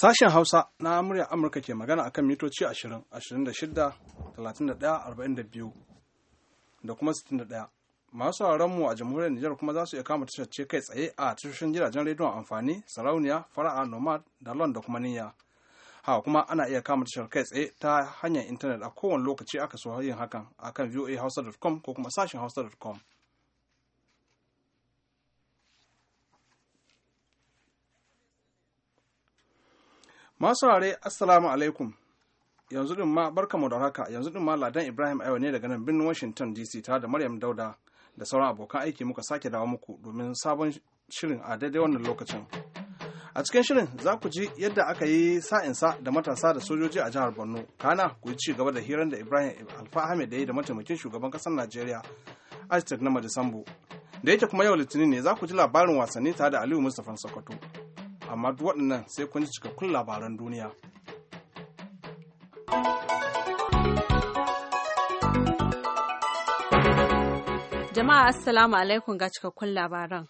Sashen Hausa na murya Amurka ke magana akan mitoci 20, 26, 31, 42 da kuma 61. Masu mu a jamhuriyar Nijar kuma za su iya kama tashar kai tsaye a tashoshin gidajen rediyon amfani, sarauniya, fara'a, nomad, dalon da kuma niyya. Ha kuma ana iya kama tashar kai tsaye ta hanyar intanet a kowane lokaci aka so yin hakan akan voahausa.com ko kuma sashen hausa.com. masu ware assalamu alaikum yanzu din ma barkamu da haka yanzu din ma ladan ibrahim Aiwa ne daga nan birnin washington dc tare da maryam dauda da sauran abokan aiki muka sake dawo muku domin sabon shirin a daidai wannan lokacin a cikin shirin za ku ji yadda aka yi sa'insa da matasa da sojoji a jihar borno kana ku ci gaba da hirar da ibrahim alfahamid da ya da mataimakin shugaban kasar najeriya aztec na madisambo da yake kuma yau litinin ne za ku ji labarin wasanni tare da aliyu mustapha sokoto amma duk waɗannan sai kun ji cikakkun labaran duniya. Jama'a Assalamu alaikum ga cikakkun labaran.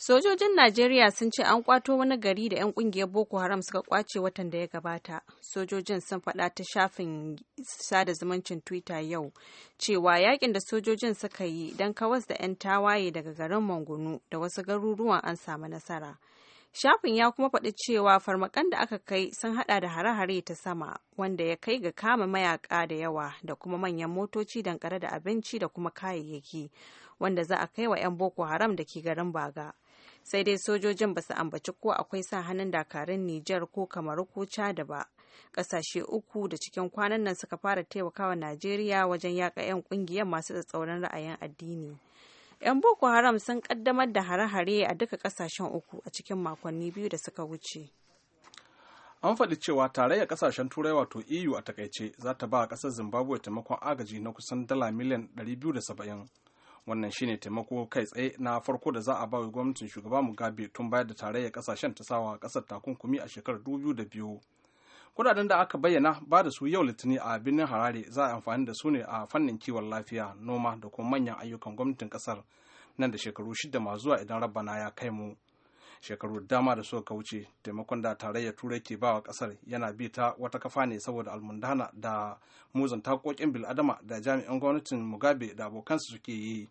Sojojin Najeriya sun ce an kwato wani gari da 'yan kungiyar Boko Haram suka kwace watan da ya gabata. Sojojin sun faɗa ta shafin sada zumuncin Twitter yau cewa yakin da sojojin suka yi don kawas da 'yan tawaye daga garin Mangunu da wasu garuruwan an samu nasara. Shafin ya kuma faɗi cewa farmakan da aka kai sun hada da hare-hare ta sama wanda ya kai ga kama mayaka da yawa da kuma manyan motoci dankare da abinci da kuma kayayyaki wanda za a kai wa 'yan Boko Haram da ke garin Baga. Sai dai sojojin ba su ambaci ko akwai sa hannun dakarun Nijar ko Kamaru ko Chad ba. Ƙasashe uku da cikin kwanan nan suka fara taimakawa Najeriya wajen yaƙa 'yan ƙungiyar masu tsatsauran ra'ayin addini. 'Yan Boko Haram sun kaddamar da hare-hare a duka kasashen uku a cikin makonni biyu da suka wuce. An faɗi cewa tarayyar kasashen Turai wato EU a takaice za ta ba ƙasar Zimbabwe taimakon agaji na kusan dala miliyan 270. Wannan shine taimako kai tsaye na farko da za a ba wa gwamnatin shugaba Mugabe tun bayar da tarayyar kasashen ta sawa ƙasar takunkumi a shekarar 2002. kudaden da aka bayyana ba da su yau litinin a birnin harare za a amfani da su ne a fannin kiwon lafiya noma da kuma manyan ayyukan gwamnatin kasar nan da shekaru shida ma zuwa idan rabana ya kai mu shekaru dama da suka wuce taimakon da tarayyar turai ke bawa kasar yana bi ta wata kafa ne saboda almundana da muzanta kokin biladama da jami'an gwamnatin mugabe da abokansu suke yi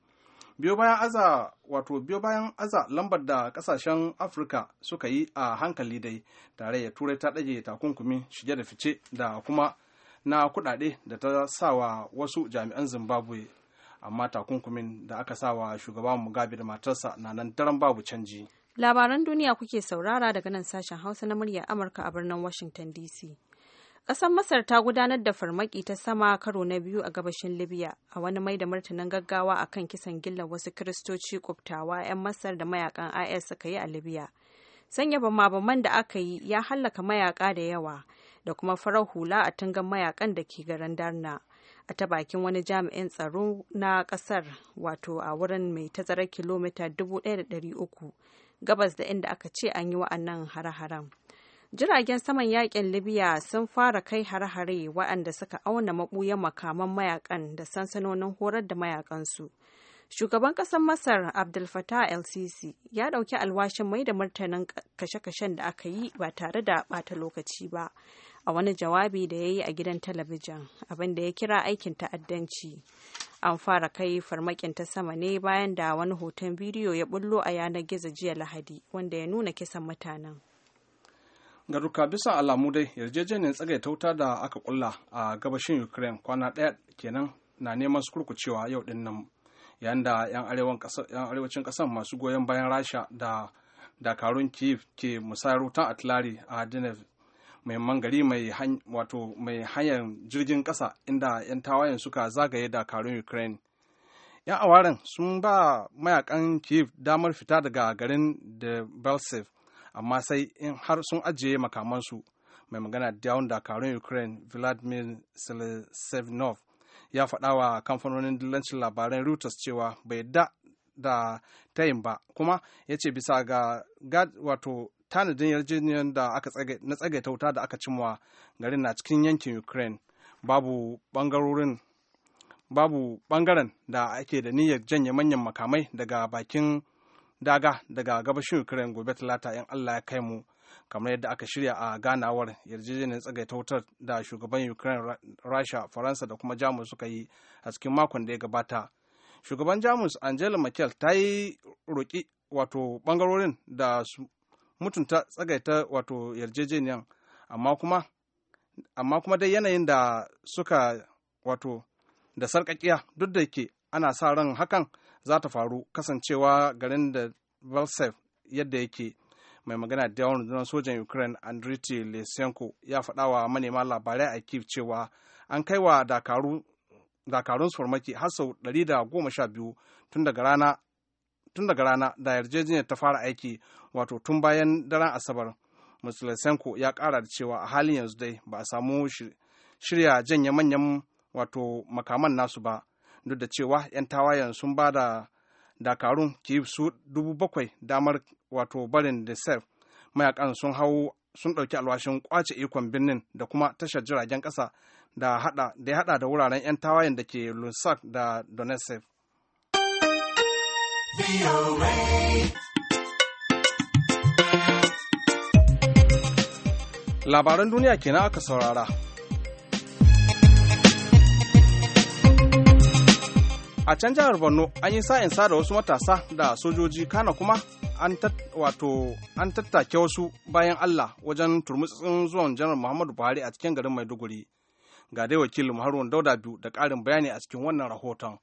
biyo bayan aza wato biyo bayan aza lambar da kasashen afirka suka yi a hankali dai tare ya turai ta ɗage takunkumi shige da fice da kuma na kuɗaɗe da ta sawa wasu jami'an zimbabwe amma takunkumin da aka sawa shugaban mugabe da matarsa na nan daren babu canji labaran duniya kuke saurara daga nan sashen hausa na murya amurka a birnin washington dc Ƙasar Masar ta gudanar da farmaki ta sama karo na biyu a gabashin Libya a wani mai da martanin gaggawa a kan kisan gillar wasu Kiristoci kubtawa 'yan Masar da mayakan IS suka yi a Libya. Sanya bama-baman da aka yi ya hallaka mayaka da yawa da kuma farar hula a tangan mayakan da ke garin Darna. a ta bakin wani jami'in tsaro na ƙasar wato a wurin mai tazarar kilomita 1,300 gabas da inda aka ce an yi wa'annan hare-haren. jiragen saman yakin libya sun fara kai hare-hare waɗanda suka auna maɓuyan makaman mayakan da sansanonin horar da mayakansu shugaban ƙasar masar abdul fattah el sisi ya ɗauki alwashin mai da martanin kashe-kashen da aka yi ba tare da ɓata lokaci ba a wani jawabi da ya yi a gidan talabijin abin da ya kira aikin ta'addanci an fara kai farmakin ta sama ne bayan da wani hoton bidiyo ya bullo a yanar gizo jiya lahadi wanda ya nuna kisan mutanen garuka bisa alamu dai yarjejeniyar tsagaita wuta da aka kulla a gabashin ukraine kwana daya kenan na neman su kurkucewa yau din nan yayin da 'yan arewacin ƙasar masu goyon bayan rasha da dakarun kiev ke musayar wutan atilari a dinev mai mangari mai hanyar jirgin kasa inda 'yan tawayen suka zagaye dakarun ukraine 'yan awaren sun ba mayakan kiev damar fita daga garin da belsev amma sai in har sun ajiye makamansu mai magana yawon dakarun ukraine vladimir selesevnov ya faɗa wa kamfanonin dillancin labaran reuters cewa bai da da tayin ba kuma ya ce bisa ga gad wato tanadin yarjejeniyar da aka na tsagaita wuta da aka cimwa garin na cikin yankin ukraine babu bangarorin babu bangaren da ake da niyyar janye manyan makamai daga bakin daga daga gabashin ukraine gobe talata in allah ya kai mu kamar yadda aka shirya a ganawar yarjejeniyar tsagaita wutar da shugaban ukraine rasha faransa da kuma jamus suka yi a cikin makon da ya gabata shugaban jamus angela merkel ta yi roƙi wato bangarorin da su mutunta tsagaita wato yarjejeniyar amma kuma amma kuma dai yanayin da suka wato da sarƙaƙiya duk da ke ana sa ran hakan za ta faru kasancewa garin da valsev yadda yake mai magana da yawan rundunar sojan ukraine andriti lesenko ya faɗa wa manema labarai a kiev cewa an kai wa dakarun farmaki har sau 112 tun daga rana tun daga rana da yarjejeniyar ta fara aiki wato tun bayan daren asabar musulisenko ya kara da cewa a halin yanzu dai ba a samu shirya janye manyan wato makaman nasu ba duk da cewa 'yan tawayen sun ba da dakarun ki su dubu bakwai damar wato barin da sef mayakan sun hau sun ɗauki alwashin kwace ikon birnin da kuma tashar jiragen ƙasa da hada da ya hada da wuraren 'yan tawayen da ke lusak da donetsk labaran duniya kenan aka saurara a can jihar borno an yi sa'in sa da wasu matasa da sojoji kana kuma an tattake wasu bayan allah wajen turmutsin zuwan janar muhammadu buhari a cikin garin maiduguri ga dai wakilin haruna dauda biyu da ƙarin bayani a cikin wannan rahoton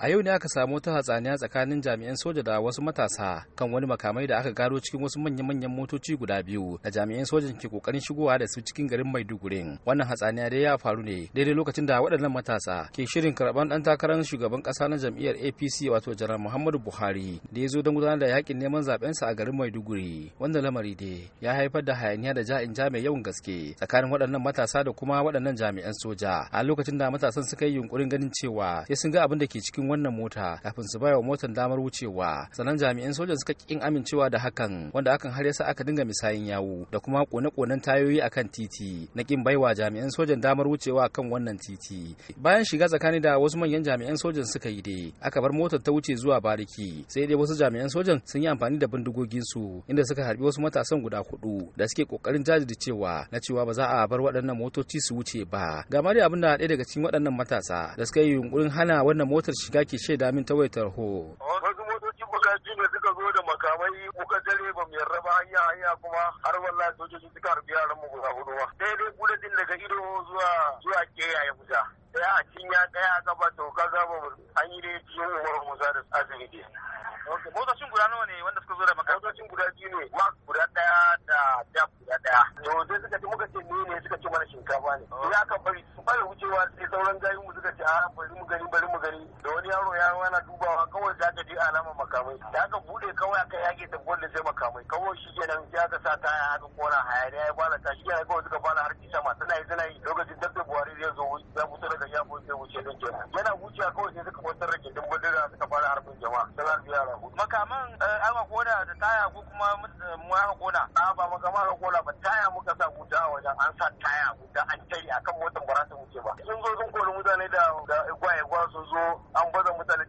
a yau ne aka samu wata hatsaniya tsakanin jami'an soja da wasu matasa kan wani makamai da aka gano cikin wasu manya-manyan motoci guda biyu da jami'an sojan ke kokarin shigowa da su cikin garin maiduguri wannan hatsaniya dai ya faru ne daidai lokacin da waɗannan matasa ke shirin karɓar ɗan takarar shugaban ƙasa na jam'iyyar apc wato janar muhammadu buhari da ya zo don gudanar da yakin neman zaɓensa a garin maiduguri wannan lamari dai ya haifar da hayaniya da ja'in ja mai yawan gaske tsakanin waɗannan matasa da kuma waɗannan jami'an soja a lokacin da matasan suka yi yunkurin ganin cewa sai sun ga abin da ke cikin wannan mota kafin su baya wa motar damar wucewa sannan jami'an sojan suka kin amincewa da hakan wanda hakan har yasa aka dinga misayin yawo da kuma kone-konen tayoyi akan titi na kin baiwa jami'an sojan damar wucewa kan wannan titi bayan shiga tsakani da wasu manyan jami'an sojan suka yi dai aka bar motar ta wuce zuwa bariki sai dai wasu jami'an sojan sun yi amfani da bindigogin su inda suka harbi wasu matasan guda hudu da suke kokarin jajircewa na cewa ba za a bar waɗannan motoci su wuce ba ga dai abin da ɗaya daga cikin waɗannan matasa da suka yi yunkurin hana wannan motar shiga guda ke shaida min ta waitar ho. Wasu motoci bukaci ne suka zo da makamai muka dare ba mu yarda ba hanya hanya kuma har wallahi sojoji suka harbi yaran mu guda hudu ba. Daidai bulletin daga ido zuwa zuwa keya ya fita. daya a cinya daya a gaba to kaga an yi da yin umar musa da asibiti motocin guda nawa ne wanda suka zo da makaranta motocin guda biyu ne mark guda daya da jab guda daya to sai suka ce muka ce ne ne suka ce mana shinkafa ne sai aka bari su bari wucewa sai sauran gayin mu suka ce a ah, bari mu gani bari mu gani da wani yaro ya yana dubawa kawai za ka je alama makamai da aka bude kawai aka yage ta gwanda sai makamai kawai shi kenan ya ka sa kaya aka kona hayaniya ya kwana ta shi kenan kawai suka fara harki sama suna yi suna yi lokacin dabda buhari zai zo za ku sai wuce din kenan yana wuce kawai sai suka wata rage din bindiga suka fara harbin jama'a da za su yara hudu makaman eh, aka kona da taya ko kuma eh, mu aka kona a ba makaman aka kona ba taya muka sa guda wajen an sa taya guda an tare akan motar ba za ta wuce ba sun zo sun kori mutane da igwa igwa sun zo an baza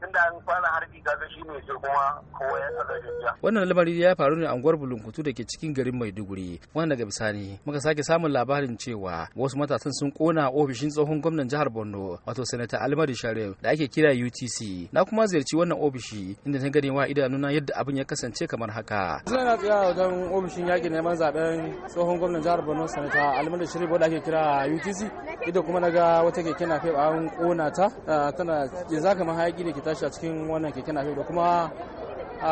tunda an fara harbi shi ne sai kuma kowa ya Wannan lamari ya faru ne a unguwar Bulunkutu da ke cikin garin Maiduguri. Wannan daga bisani muka sake samun labarin cewa wasu matasan sun kona ofishin tsohon gwamnan jihar Borno wato Sanata Almari Sharif da ake kira UTC. Na kuma ziyarci wannan ofishi inda na gani wa idanuna yadda abin ya kasance kamar haka. Zan na tsaya wajen ofishin yaƙi neman zaben tsohon gwamnan jihar Borno Sanata Almari Sharif da ake kira UTC. Ido kuma na ga wata keke na a an kona ta tana yanzu haka mahayaki ne ke tashi shi a cikin wannan keke na da kuma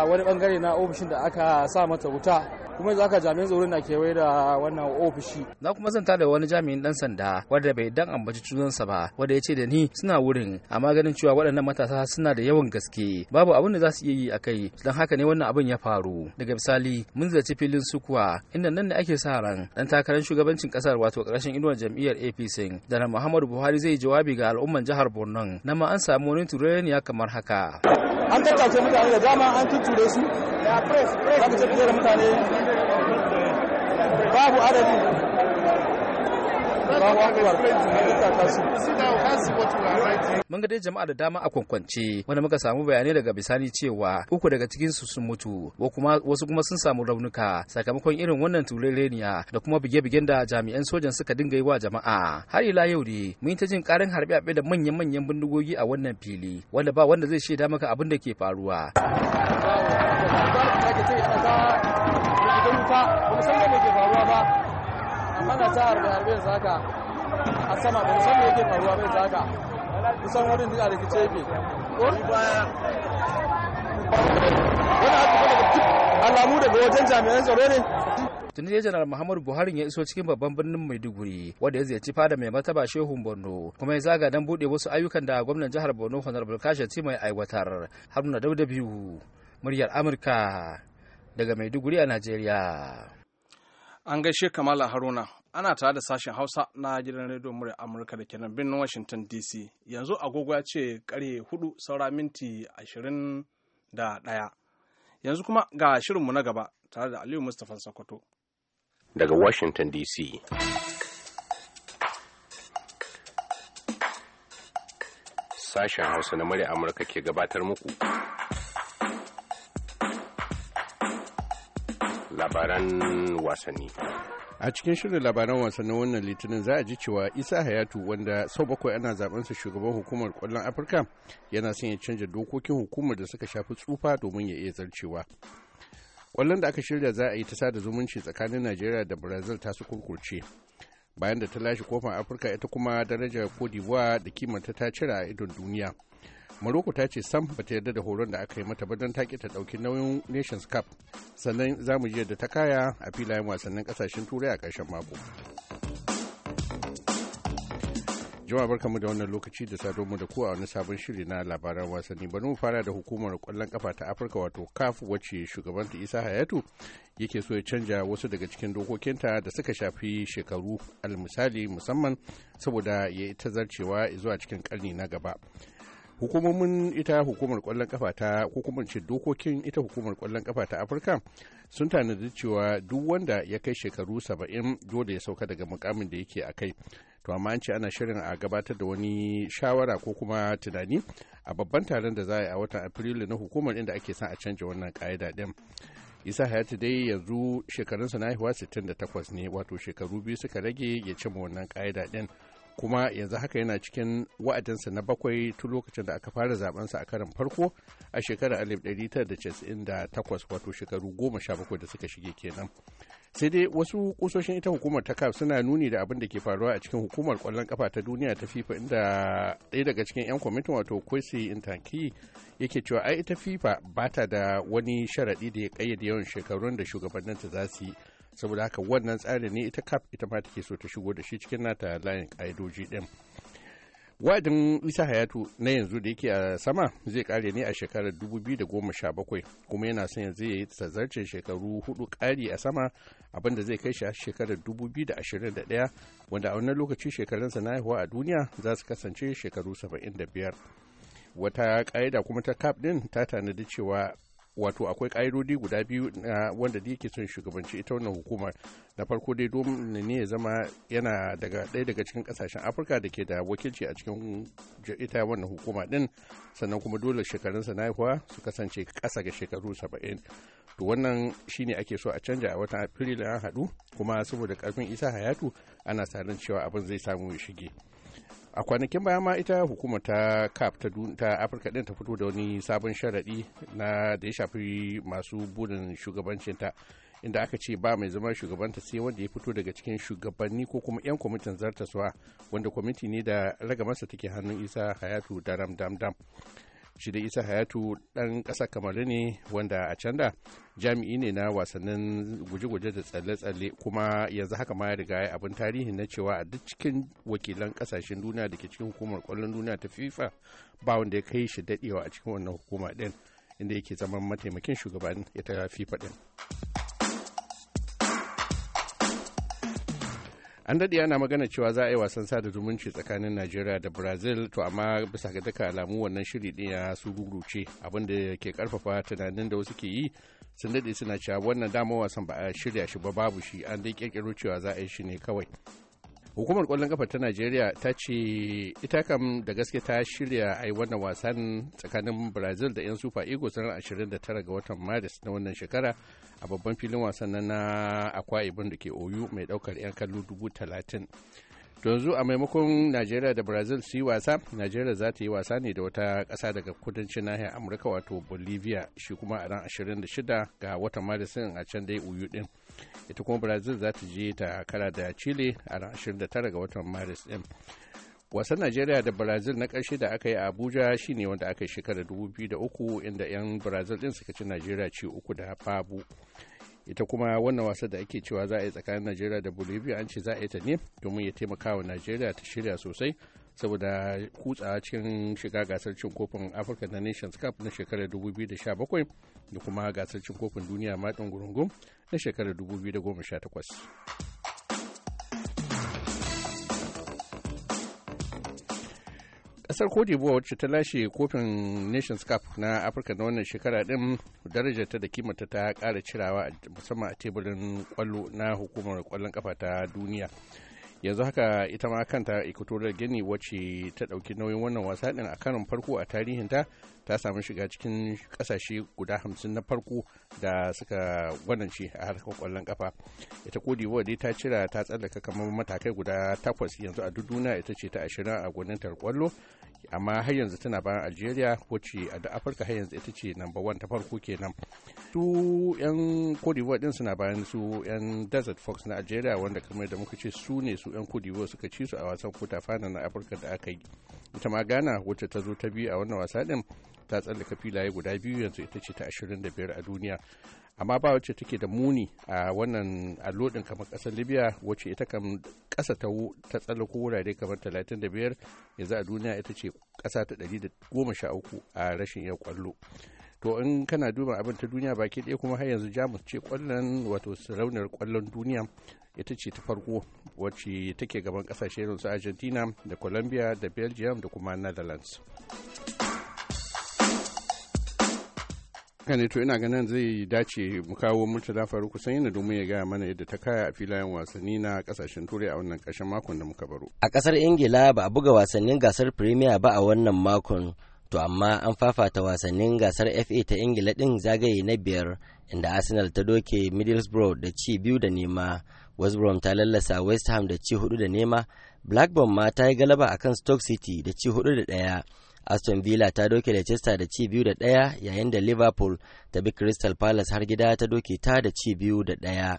wani bangare na ofishin da aka sa mata wuta kuma za ka jami'in tsaro na kewaye da wannan ofishi. za kuma zanta da wani jami'in dan sanda wanda bai dan ambaci sa ba wanda ya ce da ni suna wurin amma ganin cewa waɗannan matasa suna da yawan gaske babu abin da za su iya yi a kai don haka ne wannan abin ya faru. Daga misali mun zaci filin sukuwa inda nan ne ake sa ran dan takarar shugabancin kasar wato ƙarshen inuwar jam'iyyar APC da na Muhammadu Buhari zai jawabi ga al'umman jihar Borno na ma an samu wani tureniya kamar haka. An tattace mutane da dama an tuture su. Ya press press. Za mutane babu adadi Mun ga dai jama'a da dama a kwankwance wanda muka samu bayanai daga bisani cewa uku daga cikin su sun mutu wasu kuma sun samu raunuka sakamakon irin wannan turereniya da kuma bige-bigen da jami'an sojan suka dinga yi wa jama'a. Har ila yau ne mun ta jin karin harbe a da manyan-manyan bindigogi a wannan fili wanda ba wanda zai shaida maka abin da ke faruwa. ba ba san me ke faruwa ba amma na ta harbe harbe yanzu haka a sama ba san me ke faruwa ba yanzu haka kusan wurin da rikice yake ko Wani wani abu daga alamu daga wajen jami'an tsaro ne tuni ne janar muhammadu buhari ya iso cikin babban birnin maiduguri wanda ya ziyarci fada mai martaba shehun borno kuma ya zaga don buɗe wasu ayyukan da gwamnan jihar borno honorable kashin mai aiwatar haruna dauda biyu muryar amurka daga Maiduguri a Najeriya. An gaishe Kamala Haruna ana tare da sashen Hausa na gidan rediyon murya Amurka da kenan birnin Washington DC. Yanzu agogo ya ce karye hudu saura minti ashirin da ɗaya. Yanzu kuma ga shirinmu na gaba tare da Aliyu Mustapha Sokoto. Daga Washington DC. Sashen Hausa na murya Amurka ke gabatar muku. labaran wasanni. a cikin shirin labaran wasannin wannan litinin za a ji cewa isa hayatu wanda sau bakwai ana sa shugaban hukumar kwallon afirka yana son ya canza dokokin hukumar da suka shafi tsufa domin ya iya zarcewa kwallon da aka shirya za a yi ta sada zumunci tsakanin najeriya da brazil ta su kurkurce bayan da ta lashe kofar afirka ita kuma darajar cote d'ivoire da kimanta ta cira a idon duniya maroko ta ce sam ba ta yarda da horon da aka yi mata ba don ta ta ɗauki nauyin Nations Cup. Sannan za mu yi yadda ta kaya a filayen wasannin ƙasashen Turai a ƙarshen mako. Jama'a barkamu da wannan lokaci da sado mu da ku a wani sabon shiri na labaran wasanni. Bari mu fara da hukumar kwallon kafa ta Afirka wato CAF wacce shugabanta Isa Hayatu yake so ya canja wasu daga cikin dokokinta da suka shafi shekaru almisali musamman saboda ya zarcewa zuwa cikin karni na gaba. hukumomin ita hukumar kwallon kafa ta hukumar ce dokokin ita hukumar kwallon kafa ta afirka sun tanadi cewa duk wanda ya kai shekaru saba'in dole ya sauka daga mukamin da yake a kai to amma an ce ana shirin a gabatar da wani shawara ko kuma tunani a babban taron da za a yi a watan afrilu na hukumar inda ake son a canja wannan ka'ida din isa hayatu dai yanzu shekarunsa na haihuwa 68 ne wato shekaru biyu suka rage ya cimma wannan ka'ida din kuma yanzu haka yana cikin wa'adinsa na bakwai tun lokacin da aka fara sa a karin farko a shekarar 1998 wato shekaru goma sha bakwai da suka shige kenan sai dai wasu kusoshin ita hukumar ta kaf suna nuni da abin da ke faruwa a cikin hukumar kwallon kafa ta duniya ta fifa inda ɗaya daga cikin 'yan kwamitin wato kwesi intanki yake cewa ai ita fifa ba ta da wani sharaɗi da ya ƙayyade yawan shekarun da shugabanninta za su yi saboda haka wannan tsarin ne ita kaf ita ma take so ta shigo da shi cikin nata layin ƙa'idoji ɗin wa'adin isa hayatu na yanzu da yake a sama zai kare ne a shekarar 2017 kuma yana son yanzu ya yi tazarcin shekaru hudu kari a sama abinda zai kai shi a shekarar 2021 wanda a wannan lokaci shekarunsa na haihuwa a duniya za su kasance shekaru 75 wata ƙa'ida kuma ta kaf din ta tanadi cewa wato akwai ƙa'idodi guda biyu na wanda da yake son shugabanci ita wannan hukumar na farko dai domin ne ya zama yana daga ɗaya daga cikin ƙasashen afirka da ke da wakilci a cikin ita wannan hukuma ɗin sannan kuma dole shekarunsa na haihuwa su kasance ƙasa ga shekaru saba'in to wannan shine ake so a canja a watan afrilu an haɗu kuma saboda ƙarfin isa hayatu ana tsarin cewa abin zai samu ya shige. a kwanakin baya ma ita hukumar ta cap ta afirka din ta fito da wani sabon sharaɗi na da ya shafi masu burin shugabancinta inda aka ce ba mai zama shugabanta sai wanda ya fito daga cikin shugabanni ko kuma 'yan kwamitin zartaswa wanda kwamiti ne da ragamarsa take hannun isa hayatu daram dam dam shi da isa hayatu dan kasa kamaru ne wanda a can da jami'i ne na wasannin guje-guje da tsalle-tsalle kuma yanzu haka ma ya riga ya abin tarihi na cewa a duk cikin wakilan kasashen duniya da ke cikin hukumar kwallon duniya ta fifa ba wanda ya kai shi daɗewa a cikin wannan hukuma ɗin inda yake zaman mataimakin shugaban ita fifa din. an daɗe ana magana cewa za a yi wasan sada zumunci tsakanin najeriya da brazil to amma bisa ga duka alamu wannan shiri ɗin ya su guguce abinda ke karfafa tunanin da wasu ke yi sun daɗe suna cewa wannan damar wasan ba a shirya shi ba babu shi an dai kirkiro cewa za a yi shi ne kawai hukumar kwallon kafa ta nigeria ta ce ita kam da gaske ta shirya yi wannan wasan tsakanin brazil da 'yan super eagles ranar 29 ga watan maris na wannan shekara a babban filin wasan na akwa ibin da ke oyu mai daukar 'yan kallo dubu talatin yanzu a maimakon nigeria da brazil su yi wasa nigeria za ta yi wasa ne da wata kasa daga kudancin nahiyar amurka wato bolivia shi kuma a ran 26 ga watan maris a can dai uyu din ita kuma brazil za ta je ta kara da chile a 29 ga watan maris din wasan najeriya da brazil na ƙarshe da aka yi a abuja shine wanda aka yi shekarar 2003 inda 'yan brazil din suka ci najeriya ci uku da babu ita kuma wannan wasa da ake cewa za a yi tsakanin najeriya da bolivia an ce za a yi ta ne domin ya taimaka wa najeriya ta shirya sosai saboda kutsa cikin shiga gasar cin kofin Africa na Nations Cup na shekarar 2017 da kuma gasar cin kofin duniya matan gurungun na shekarar 2018. kasar cote d'ivoire wacce ta lashe kofin nations cup na afirka na wannan shekara din ta da kimata ta kara cirawa musamman a teburin kwallo na hukumar kwallon kafa ta duniya yanzu haka ita ma kanta equatorial gini wacce ta ɗauki nauyin wannan wasa ɗin a karon farko a tarihinta ta samu shiga cikin kasashe guda hamsin na farko da suka gwanance a harkar kwallon kafa ita kodi dai ta cira ta tsallaka kamar matakai guda takwas yanzu a duduna ita ce ta ashirin a gwanintar kwallo amma har yanzu tana bayan algeria wacce a da afirka har yanzu ita ce number one ta farko kenan su yan kodiwa din suna bayan su yan desert fox na algeria wanda kamar da muka ce su ne su yan kodiwa suka ci su a wasan kota fana na afirka da aka yi ita ma ghana wacce ta zo ta biyu a wannan wasa din ta tsallaka filaye guda biyu yanzu ita ce ta 25 a duniya amma ba wacce take da muni a wannan allodin kamar kasar libya wacce ita kam kasa ta ta tsallako wurare kamar 35 yanzu a duniya ita ce kasa ta 113 a rashin 'yan kwallo to in kana duba abin ta duniya baki ɗaya kuma har yanzu jamus ce kwallon wato sarauniyar kwallon duniya ita ce ta farko wacce take gaban kasashe irin su argentina da colombia da belgium da kuma netherlands haka ne to ina ganin zai dace mu kawo murtala faru kusan yana domin ya gaya mana yadda ta kaya a filayen wasanni na kasashen turai a wannan ƙarshen makon da muka baro a kasar ingila ba a buga wasannin gasar premier ba a wannan makon to amma an fafata wasannin gasar fa ta ingila din zagaye na biyar inda arsenal ta doke middlesbrough da ci biyu da nema west ta lallasa west ham da ci hudu da nema blackburn ma ta yi galaba akan stoke city da ci hudu da daya aston villa ta doke leicester da ci biyu da ɗaya yayin da liverpool ta bi crystal palace har gida ta doke ta da ci biyu da ɗaya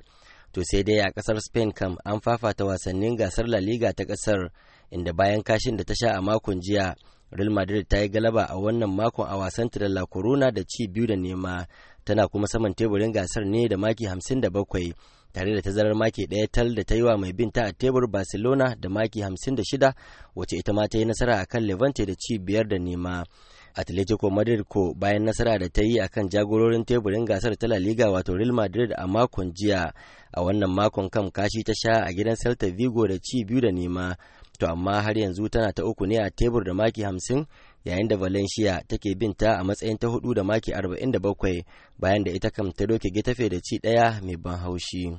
to sai dai a ƙasar spain kam an fafata wasannin gasar la liga ta ƙasar inda bayan kashin da ta sha a makon jiya real madrid ta yi galaba a wannan makon a wasan da la corona da ci biyu da nema tana kuma saman teburin gasar ne da maki hamsin da bakwai tare da tazarar maki ɗaya tal da ta yi wa mai bin ta a tebur barcelona da maki 56 wace ita ma ta yi nasara akan levante da ci biyar da nema atletico madrid ko bayan nasara da ta yi akan jagororin teburin gasar ta la liga wato real madrid a makon jiya a wannan makon kam kashi ta sha a gidan celta vigo da ci biyu da nema to amma har yanzu tana ta uku ne a tebur da maki hamsin yayin da valencia take binta a matsayin ta hudu da maki 47 bayan da ita kam ta doke gitafe da ci daya mai ban haushi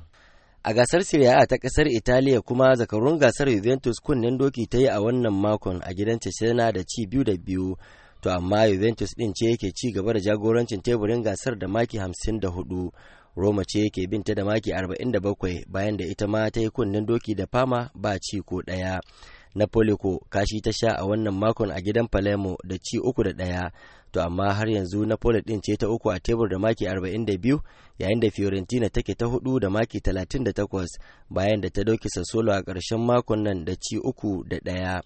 a gasar siriya ta kasar Italiya kuma zakarun gasar Juventus kunnen doki ta yi a wannan makon a gidan cecena da ci biyu da biyu to amma Juventus din ce yake ci gaba da jagorancin teburin gasar da maki 54 Roma ce yake binta da maki 47 bayan da ita ma ta yi kunnen doki da fama ba ci ko daya. na ko kashi ta sha a wannan makon a gidan palermo da ci uku da ɗaya to amma har yanzu napoli ɗin ce ta uku a tebur da maki 42 yayin da fiorentina take ta hudu da maki 38 bayan da ta dauki sassolo a ƙarshen makon nan da ci uku da ɗaya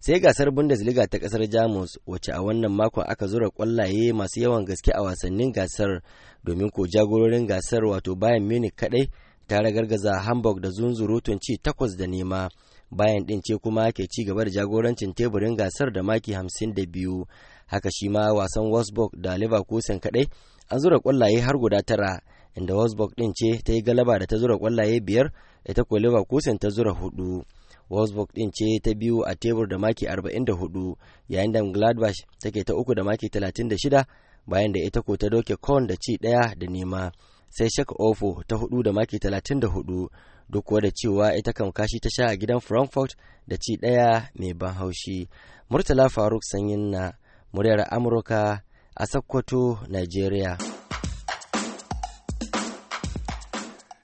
sai gasar bundesliga ta ƙasar jamus wacce a wannan makon aka zura kwallaye masu yawan gaske a wasannin gasar domin ko jagororin gasar wato bayan munich kaɗai ta ragargaza hamburg da zunzurutun ci takwas da nema bayan ɗin ce kuma ke ci gaba da jagorancin teburin gasar da maki hamsin da biyu haka shi ma wasan wasbok da leverkusen kaɗai an zura kwallaye har guda tara inda wasbok ɗin ce ta yi galaba da ta zura ƙwallaye biyar ita ko leverkusen ta zura hudu wasbok ɗin ce ta biyu a tebur da maki 44 yayin da Gladbach take ta uku da maki 36 bayan da ita ko ta doke kon da ci ɗaya da nema sai Shaka Ofo ta hudu da maki 34 duk kuwa da cewa ita kan kashi ta sha a gidan frankfurt da ci ɗaya mai ban haushi murtala faruk sanyin na muryar amurka a sokoto nigeria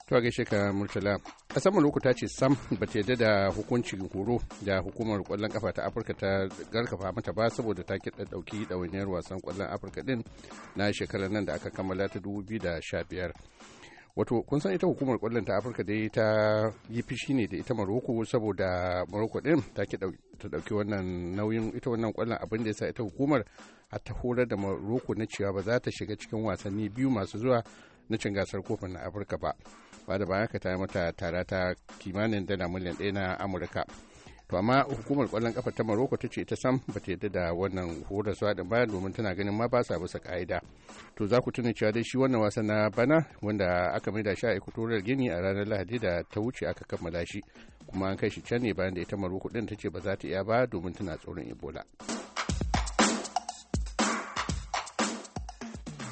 to a murtala kasar maluku ce sam ba ta yadda da hukuncin horo da hukumar kwallon kafa ta afirka ta garkafa mata ba saboda ta kiɗa ɗauki ɗawainiyar wasan kwallon afirka din na shekarar nan da aka kammala ta 2015 wato kun san ita hukumar kwallon ta afirka dai ta yi fishi ne da ita maroko saboda maroko din ta ki ta dauki wannan nauyin ita wannan kwallon abin da yasa ita hukumar a ta horar da maroko na cewa ba za ta shiga cikin wasanni biyu masu zuwa na cin gasar kofin na afirka ba ba da bayan ka ta mata tara ta kimanin dala miliyan ɗaya na amurka to amma hukumar kwallon kafa ta maroko ta ce ta sam ba ta yadda da wannan su da baya domin tana ganin ma ba sa bisa ka'ida to za ku tuna cewa dai shi wannan wasan na bana wanda aka mai da shi a equatorial gini a ranar lahadi da ta wuce aka kammala shi kuma an kai shi can ne bayan da ita maroko din ta ce ba za ta iya ba domin tana tsoron ebola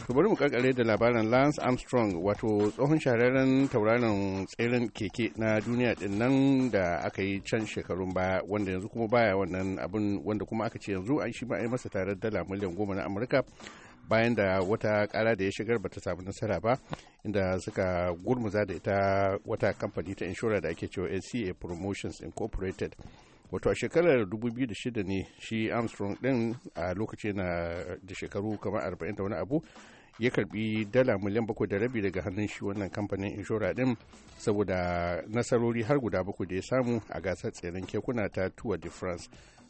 To bari mu karkare da labarin Lance Armstrong wato tsohon shahararren tauraron tseren keke na duniya din nan da aka yi can shekarun ba wanda yanzu kuma baya wannan abin wanda kuma aka ce yanzu an shi ma yi masa tare dala miliyan goma na Amurka bayan da wata kara da ya shigar bata samu nasara ba inda suka gurmuza da ita wata kamfani ta inshora da ake cewa NCA Promotions Incorporated. wato a shekarar 2006 ne shi armstrong din a lokaci na da shekaru kamar 40 da wani abu ya karbi dala miliyan bakwai da rabi daga hannun shi wannan kamfanin inshora din saboda nasarori har guda bakwai da ya samu a gasar tseren kekuna ta tour de france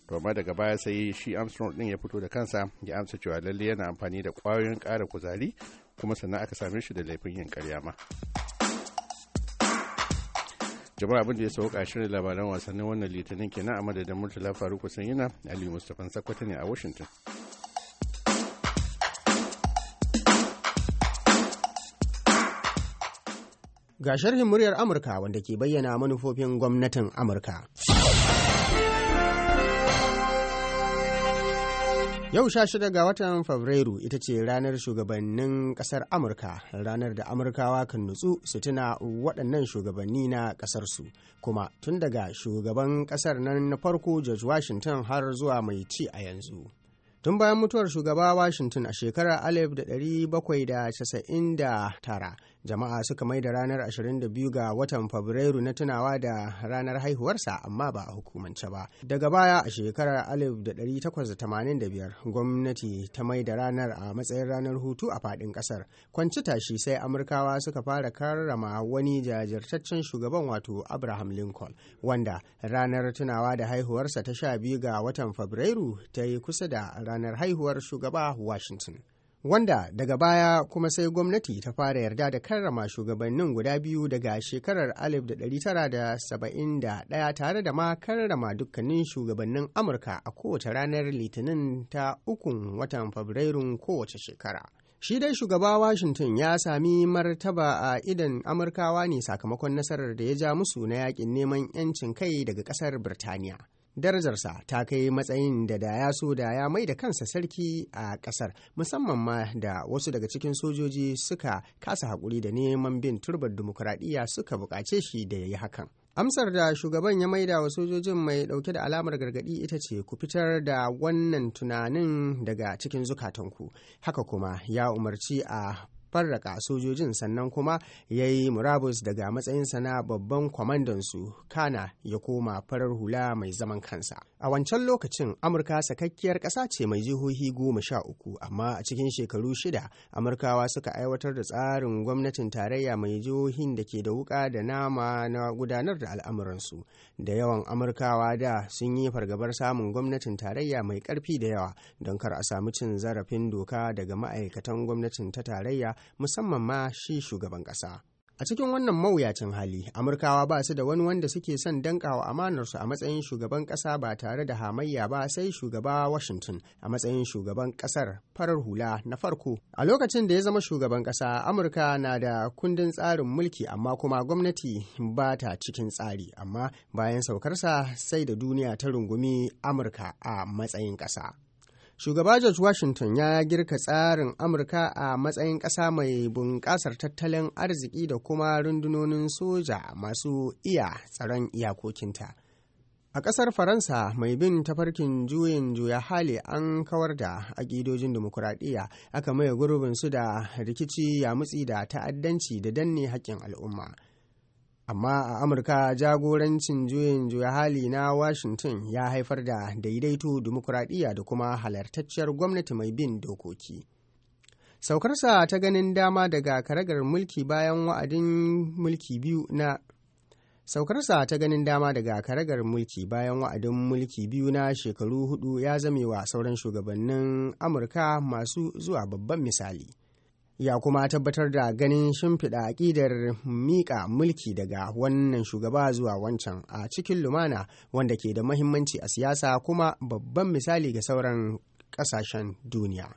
to amma daga baya sai shi armstrong din ya fito da kansa ya amsa cewa lalle yana amfani da kwayoyin kara kuzari kuma sannan aka same shi da laifin yin karya ma jama'a abin da ya sauka shirin labaran wasannin wannan litinin kenan a madadin murtala faruku yana ali mustapha sakwata ne a washington Ga sharhin muryar Amurka wanda ke bayyana manufofin gwamnatin Amurka. Yau sha shida ga watan Fabrairu ita ce ranar shugabannin kasar Amurka, ranar da Amurkawa kan nutsu su tuna waɗannan shugabanni na ƙasarsu, kuma tun daga shugaban ƙasar nan na farko George Washington har zuwa mai ci a yanzu. Tun bayan mutuwar shugaba Washington a shekarar 1799 jama'a suka mai da ranar 22 ga watan fabrairu na tunawa da ranar haihuwarsa amma ba a hukumance ba daga baya a shekarar 1885 gwamnati ta mai da ranar a matsayin ranar hutu a fadin kasar kwanci tashi sai amurkawa suka fara karrama wani jajirtaccen shugaban wato abraham lincoln wanda ranar tunawa da haihuwarsa ta 12 ga watan fabrairu ta yi kusa da ranar haihuwar shugaba washington wanda daga baya kuma sai gwamnati ta fara yarda da karrama shugabannin guda biyu daga shekarar 1971 tare da ma karrama dukkanin shugabannin amurka a kowace ranar litinin ta ukun watan fabrairun kowace shekara shi dai shugaba washington ya sami martaba a idan amurkawa ne sakamakon nasarar da ya ja musu na yakin neman 'yancin kai daga kasar birtaniya darajarsa ta kai matsayin da da ya so da ya mai da kansa sarki a ƙasar, musamman ma da wasu daga cikin sojoji suka kasa haƙuri da neman bin turbar dimokuraɗiyya suka buƙace shi da ya yi hakan amsar da shugaban ya maida wa sojojin mai ɗauke da alamar gargadi ita ce ku fitar da wannan tunanin daga cikin zukatanku haka kuma ya umarci a farraka sojojin sannan kuma ya yi murabus daga matsayinsa na babban kwamandansu kana ya koma farar hula mai zaman kansa a wancan lokacin amurka sakakkiyar ƙasa ce mai jihohi goma sha uku amma a cikin shekaru shida amurkawa suka aiwatar da tsarin gwamnatin tarayya mai jihohin da ke da wuka da nama na gudanar da al'amuransu da yawan amurkawa da sun yi fargabar samun gwamnatin tarayya mai ƙarfi da yawa don kar a samu cin zarafin doka daga ma'aikatan gwamnatin ta tarayya musamman ma shi shugaban ƙasa. A cikin wannan mawuyacin hali, Amurkawa ba su da wani wanda suke son dankawa amanarsu a matsayin shugaban ƙasa ba tare da hamayya ba sai shugaba Washington a matsayin shugaban ƙasar farar hula na farko. A lokacin da ya zama shugaban ƙasa, Amurka na da kundin tsarin mulki amma kuma gwamnati ba ta cikin tsari, amma bayan saukarsa sai da duniya ta rungumi Amurka a matsayin ƙasa. Shugaba George Washington ya girka tsarin Amurka a matsayin ƙasa mai bunƙasar tattalin arziki da kuma rundunonin soja masu iya tsaron iyakokinta. A ƙasar Faransa mai bin tafarkin juyin juya hali an kawar da aƙidojin dimokuraɗiyya aka maye gurbin su da rikici ya mutsi da ta'addanci da danne haƙƙin al'umma. amma a amurka jagorancin juyin juya hali na washington ya haifar da daidaito dimokuraɗiyya da kuma halartacciyar gwamnati mai bin dokoki saukarsa ta ganin dama daga karagar mulki bayan wa'adin mulki biyu na saukarsa ta ganin dama daga karagar mulki bayan wa'adin mulki biyu na shekaru hudu ya zamewa sauran shugabannin amurka masu zuwa babban misali ya kuma tabbatar da ganin shimfiɗa aƙidar miƙa mulki daga wannan shugaba zuwa wancan a cikin lumana wanda ke da mahimmanci a siyasa kuma babban misali ga sauran ƙasashen duniya.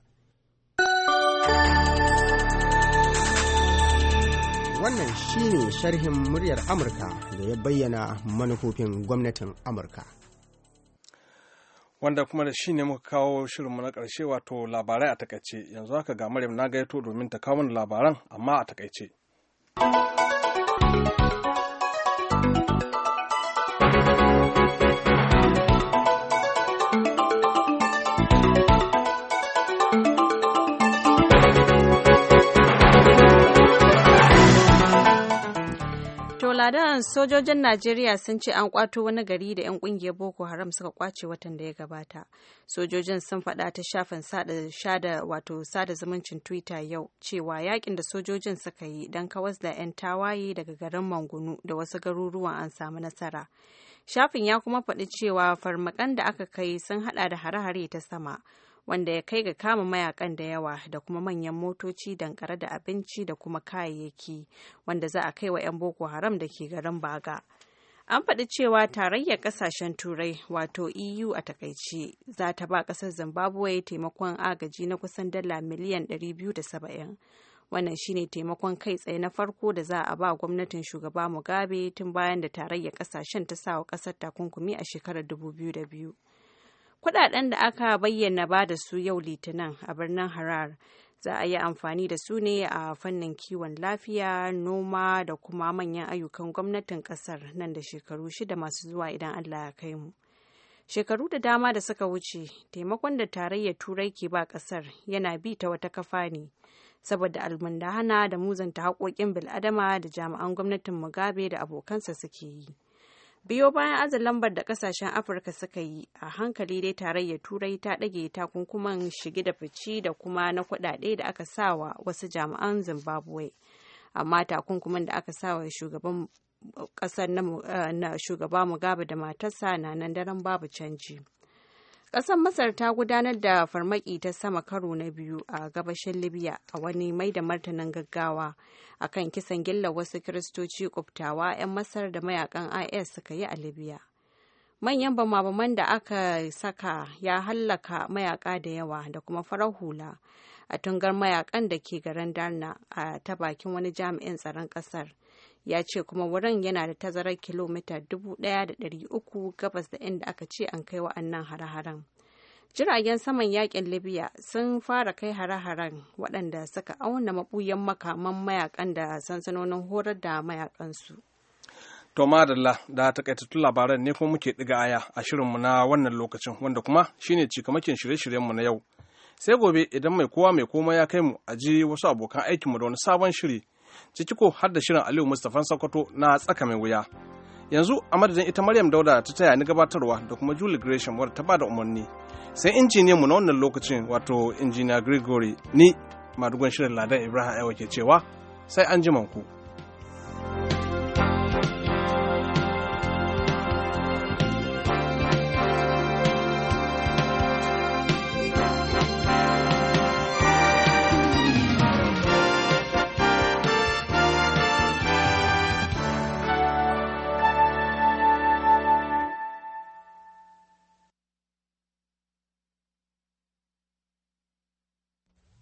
Wannan shine sharhin muryar Amurka da ya bayyana manufofin gwamnatin Amurka. wanda kuma da shi ne muka kawo shirinmu na ƙarshe wato labarai a takaice yanzu haka ga Maryam na gaito domin ta kawo mana labaran amma a takaice. Ibadan sojojin Najeriya sun ce an kwato wani gari da 'yan kungiyar Boko Haram suka kwace watan da ya gabata. Sojojin sun faɗa ta shafin sada wato sada zumuncin Twitter yau cewa yakin da sojojin suka yi don kawas da 'yan tawaye daga garin Mangunu da wasu garuruwan an samu nasara. Shafin ya kuma faɗi cewa farmakan da aka kai sun haɗa da hare-hare ta sama. wanda ya kai ga kama mayakan da yawa da kuma manyan motoci dankare da abinci da kuma kayayyaki wanda za a kai wa 'yan boko haram da ke garin baga an faɗi cewa tarayyar ƙasashen turai wato eu a takaice za ta ba ƙasar zimbabwe taimakon agaji na kusan dala miliyan 270 wannan shine taimakon kai tsaye na farko da za a ba gwamnatin shugaba mugabe tun bayan da tarayyar ƙasashen ta sa wa ƙasar takunkumi a shekarar 2002 Kudaden da aka bayyana ba da su yau Litinin a birnin Harar za a yi amfani da su ne a fannin kiwon lafiya, noma da kuma manyan ayyukan gwamnatin kasar nan da shekaru shida masu zuwa idan Allah ya kai mu. Shekaru da dama da suka wuce, taimakon da tarayyar Turai ke ba kasar yana bi ta wata kafa ne. saboda almundahana da muzanta haƙoƙin bil'adama da jami'an gwamnatin Mugabe da abokansa suke yi. biyo bayan aza lambar da kasashen afirka suka yi a hankali dai tarayyar turai ta ɗage takunkuman shige da fici da kuma na kuɗaɗe da aka sawa wasu jami'an zimbabwe amma takunkuman da aka sawa shugaban ƙasar eh, na shugaba mugabe da matarsa na nan daren babu canji. Ƙasar Masar ta gudanar da farmaki ta sama karo na biyu a gabashin Libya a wani mai da martanin gaggawa a kan kisan gilla wasu kiristoci kubtawa 'yan Masar da mayakan IS suka yi a Libya. Manyan bamabaman da aka saka ya hallaka mayaka da yawa da kuma farar hula a tungar mayakan da ke garin Darna a ta bakin wani jami'in tsaron ƙasar. ya ce kuma wurin yana da tazarar kilomita 1,300 gabas da inda aka ce an kai wa'annan hare-haren. Jiragen saman yakin Libya sun fara kai hare-haren waɗanda suka auna mabuyan makaman mayakan da sansanonin horar da mayakansu. To madalla da takaitattun labaran ne kuma muke ɗiga aya a shirinmu na wannan lokacin wanda kuma shine cikamakin shirye-shiryenmu na yau. Sai gobe idan mai kowa mai koma ya kai mu a ji wasu abokan aikinmu da wani sabon shiri. ciki har da shirin aliyu mustafan sokoto na tsaka mai wuya yanzu a madadin ita maryam dauda ta taya ni gabatarwa da kuma julie gresham wadda ta bada umarni sai mu na wannan lokacin wato injiniya gregory ni madugon shirin ladan ibrahim aiwa ke cewa sai an ji ku.